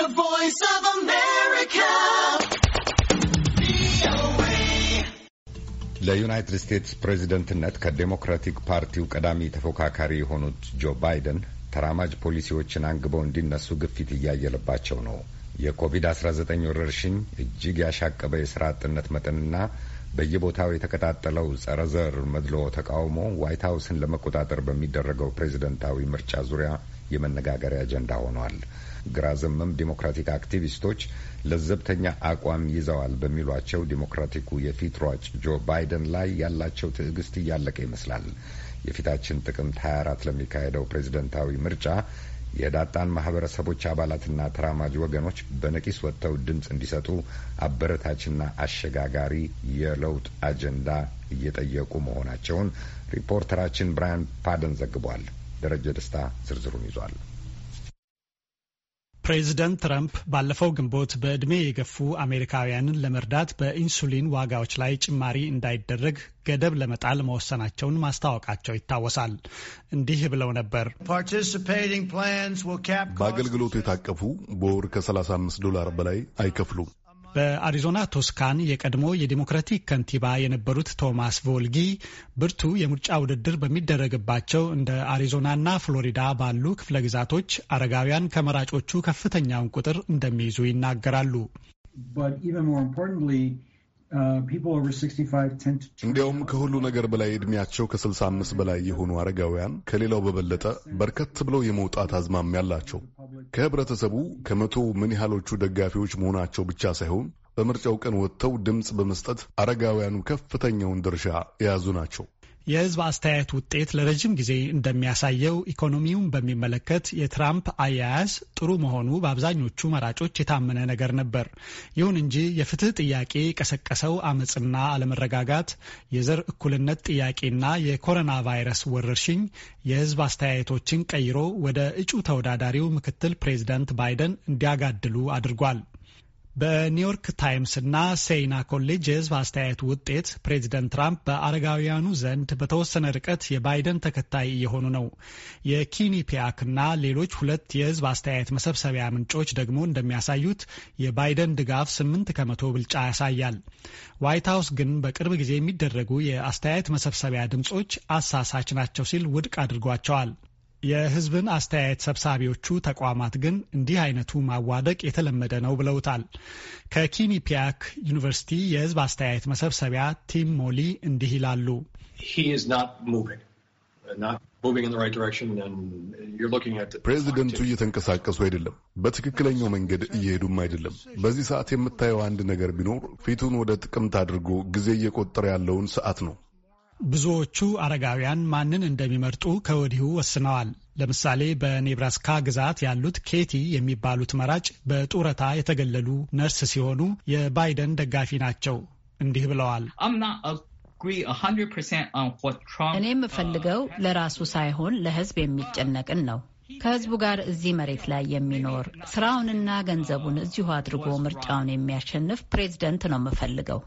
The Voice of America. ለዩናይትድ ስቴትስ ፕሬዚደንትነት ከዴሞክራቲክ ፓርቲው ቀዳሚ ተፎካካሪ የሆኑት ጆ ባይደን ተራማጅ ፖሊሲዎችን አንግበው እንዲነሱ ግፊት እያየለባቸው ነው። የኮቪድ-19 ወረርሽኝ፣ እጅግ ያሻቀበ የስራ አጥነት መጠንና በየቦታው የተቀጣጠለው ጸረ ዘር መድሎ ተቃውሞ ዋይት ሀውስን ለመቆጣጠር በሚደረገው ፕሬዚደንታዊ ምርጫ ዙሪያ የመነጋገሪያ አጀንዳ ሆኗል። ግራ ዘመም ዴሞክራቲክ አክቲቪስቶች ለዘብተኛ አቋም ይዘዋል በሚሏቸው ዴሞክራቲኩ የፊት ሯጭ ጆ ባይደን ላይ ያላቸው ትዕግስት እያለቀ ይመስላል። የፊታችን ጥቅምት 24 ለሚካሄደው ፕሬዝደንታዊ ምርጫ የዳጣን ማህበረሰቦች አባላትና ተራማጅ ወገኖች በነቂስ ወጥተው ድምፅ እንዲሰጡ አበረታችና አሸጋጋሪ የለውጥ አጀንዳ እየጠየቁ መሆናቸውን ሪፖርተራችን ብራያን ፓደን ዘግቧል። ደረጀ ደስታ ዝርዝሩን ይዟል። ፕሬዚደንት ትራምፕ ባለፈው ግንቦት በዕድሜ የገፉ አሜሪካውያንን ለመርዳት በኢንሱሊን ዋጋዎች ላይ ጭማሪ እንዳይደረግ ገደብ ለመጣል መወሰናቸውን ማስታወቃቸው ይታወሳል። እንዲህ ብለው ነበር። በአገልግሎቱ የታቀፉ በወር ከ35 ዶላር በላይ አይከፍሉም። በአሪዞና ቶስካን የቀድሞ የዲሞክራቲክ ከንቲባ የነበሩት ቶማስ ቮልጊ ብርቱ የምርጫ ውድድር በሚደረግባቸው እንደ አሪዞናና ፍሎሪዳ ባሉ ክፍለ ግዛቶች አረጋውያን ከመራጮቹ ከፍተኛውን ቁጥር እንደሚይዙ ይናገራሉ። Uh, እንዲያውም ከሁሉ ነገር በላይ እድሜያቸው ከ65 በላይ የሆኑ አረጋውያን ከሌላው በበለጠ በርከት ብለው የመውጣት አዝማሚ ያላቸው ከህብረተሰቡ ከመቶ ምን ያህሎቹ ደጋፊዎች መሆናቸው ብቻ ሳይሆን በምርጫው ቀን ወጥተው ድምፅ በመስጠት አረጋውያኑ ከፍተኛውን ድርሻ የያዙ ናቸው። የህዝብ አስተያየት ውጤት ለረጅም ጊዜ እንደሚያሳየው ኢኮኖሚውን በሚመለከት የትራምፕ አያያዝ ጥሩ መሆኑ በአብዛኞቹ መራጮች የታመነ ነገር ነበር። ይሁን እንጂ የፍትህ ጥያቄ የቀሰቀሰው አመፅና አለመረጋጋት፣ የዘር እኩልነት ጥያቄና የኮሮና ቫይረስ ወረርሽኝ የህዝብ አስተያየቶችን ቀይሮ ወደ እጩ ተወዳዳሪው ምክትል ፕሬዚዳንት ባይደን እንዲያጋድሉ አድርጓል። በኒውዮርክ ታይምስ እና ሴይና ኮሌጅ የህዝብ አስተያየት ውጤት ፕሬዚደንት ትራምፕ በአረጋውያኑ ዘንድ በተወሰነ ርቀት የባይደን ተከታይ እየሆኑ ነው። የኪኒፒያክ እና ሌሎች ሁለት የህዝብ አስተያየት መሰብሰቢያ ምንጮች ደግሞ እንደሚያሳዩት የባይደን ድጋፍ ስምንት ከመቶ ብልጫ ያሳያል። ዋይት ሀውስ ግን በቅርብ ጊዜ የሚደረጉ የአስተያየት መሰብሰቢያ ድምጾች አሳሳች ናቸው ሲል ውድቅ አድርጓቸዋል። የህዝብን አስተያየት ሰብሳቢዎቹ ተቋማት ግን እንዲህ አይነቱ ማዋደቅ የተለመደ ነው ብለውታል። ከኪኒፒያክ ዩኒቨርሲቲ የህዝብ አስተያየት መሰብሰቢያ ቲም ሞሊ እንዲህ ይላሉ። ፕሬዚደንቱ እየተንቀሳቀሱ አይደለም። በትክክለኛው መንገድ እየሄዱም አይደለም። በዚህ ሰዓት የምታየው አንድ ነገር ቢኖር ፊቱን ወደ ጥቅምት አድርጎ ጊዜ እየቆጠረ ያለውን ሰዓት ነው። ብዙዎቹ አረጋውያን ማንን እንደሚመርጡ ከወዲሁ ወስነዋል። ለምሳሌ በኔብራስካ ግዛት ያሉት ኬቲ የሚባሉት መራጭ በጡረታ የተገለሉ ነርስ ሲሆኑ የባይደን ደጋፊ ናቸው። እንዲህ ብለዋል። እኔ የምፈልገው uh, ለራሱ ሳይሆን ለሕዝብ የሚጨነቅን ነው ከህዝቡ ጋር እዚህ መሬት ላይ የሚኖር ስራውንና ገንዘቡን እዚሁ አድርጎ ምርጫውን የሚያሸንፍ ፕሬዝደንት ነው የምፈልገው።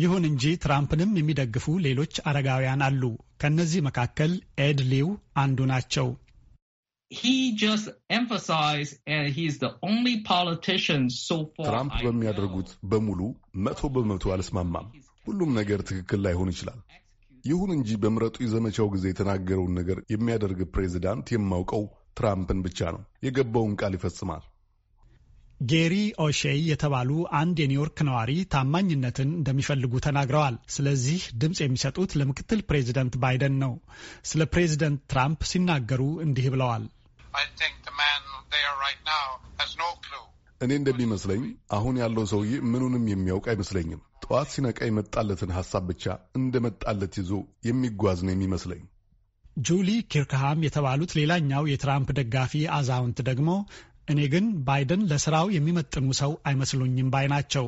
ይሁን እንጂ ትራምፕንም የሚደግፉ ሌሎች አረጋውያን አሉ። ከእነዚህ መካከል ኤድ ሊው አንዱ ናቸው። ትራምፕ በሚያደርጉት በሙሉ መቶ በመቶ አልስማማም። ሁሉም ነገር ትክክል ላይሆን ይችላል። ይሁን እንጂ በምረጡ የዘመቻው ጊዜ የተናገረውን ነገር የሚያደርግ ፕሬዚዳንት የማውቀው ትራምፕን ብቻ ነው። የገባውን ቃል ይፈጽማል። ጌሪ ኦሼይ የተባሉ አንድ የኒውዮርክ ነዋሪ ታማኝነትን እንደሚፈልጉ ተናግረዋል። ስለዚህ ድምፅ የሚሰጡት ለምክትል ፕሬዚደንት ባይደን ነው። ስለ ፕሬዚደንት ትራምፕ ሲናገሩ እንዲህ ብለዋል። እኔ እንደሚመስለኝ አሁን ያለው ሰውዬ ምኑንም የሚያውቅ አይመስለኝም። ጠዋት ሲነቃ የመጣለትን ሐሳብ ብቻ እንደመጣለት ይዞ የሚጓዝ ነው የሚመስለኝ። ጁሊ ኪርክሃም የተባሉት ሌላኛው የትራምፕ ደጋፊ አዛውንት ደግሞ እኔ ግን ባይደን ለስራው የሚመጥኑ ሰው አይመስሉኝም ባይ ናቸው።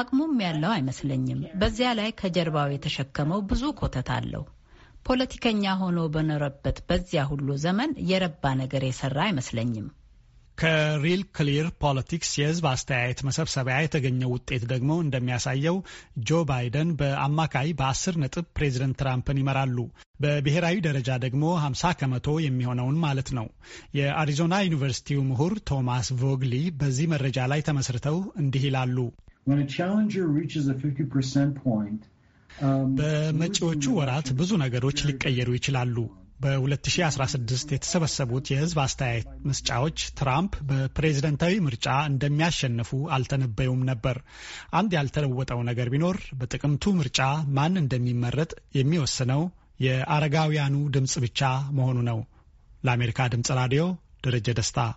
አቅሙም ያለው አይመስለኝም። በዚያ ላይ ከጀርባው የተሸከመው ብዙ ኮተት አለው። ፖለቲከኛ ሆኖ በኖረበት በዚያ ሁሉ ዘመን የረባ ነገር የሰራ አይመስለኝም። ከሪል ክሊር ፖለቲክስ የህዝብ አስተያየት መሰብሰቢያ የተገኘው ውጤት ደግሞ እንደሚያሳየው ጆ ባይደን በአማካይ በአስር ነጥብ ፕሬዚደንት ትራምፕን ይመራሉ። በብሔራዊ ደረጃ ደግሞ 50 ከመቶ የሚሆነውን ማለት ነው። የአሪዞና ዩኒቨርሲቲው ምሁር ቶማስ ቮግሊ በዚህ መረጃ ላይ ተመስርተው እንዲህ ይላሉ። um, በመጪዎቹ ወራት ብዙ ነገሮች ሊቀየሩ ይችላሉ። በ2016 የተሰበሰቡት የህዝብ አስተያየት መስጫዎች ትራምፕ በፕሬዝደንታዊ ምርጫ እንደሚያሸንፉ አልተነበዩም ነበር። አንድ ያልተለወጠው ነገር ቢኖር በጥቅምቱ ምርጫ ማን እንደሚመረጥ የሚወስነው የአረጋውያኑ ድምፅ ብቻ መሆኑ ነው። ለአሜሪካ ድምፅ ራዲዮ ደረጀ ደስታ